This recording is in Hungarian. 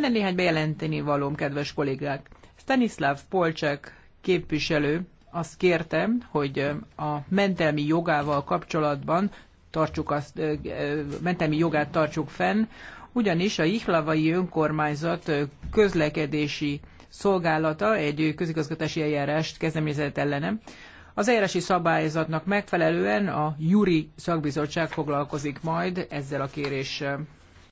Lenne néhány bejelenteni valóm, kedves kollégák. Stanislav Polcsek képviselő azt kérte, hogy a mentelmi jogával kapcsolatban tartsuk azt, mentelmi jogát tartsuk fenn, ugyanis a Ihlavai önkormányzat közlekedési szolgálata egy közigazgatási eljárást kezdeményezett ellenem. Az eljárási szabályzatnak megfelelően a Juri szakbizottság foglalkozik majd ezzel a kéréssel.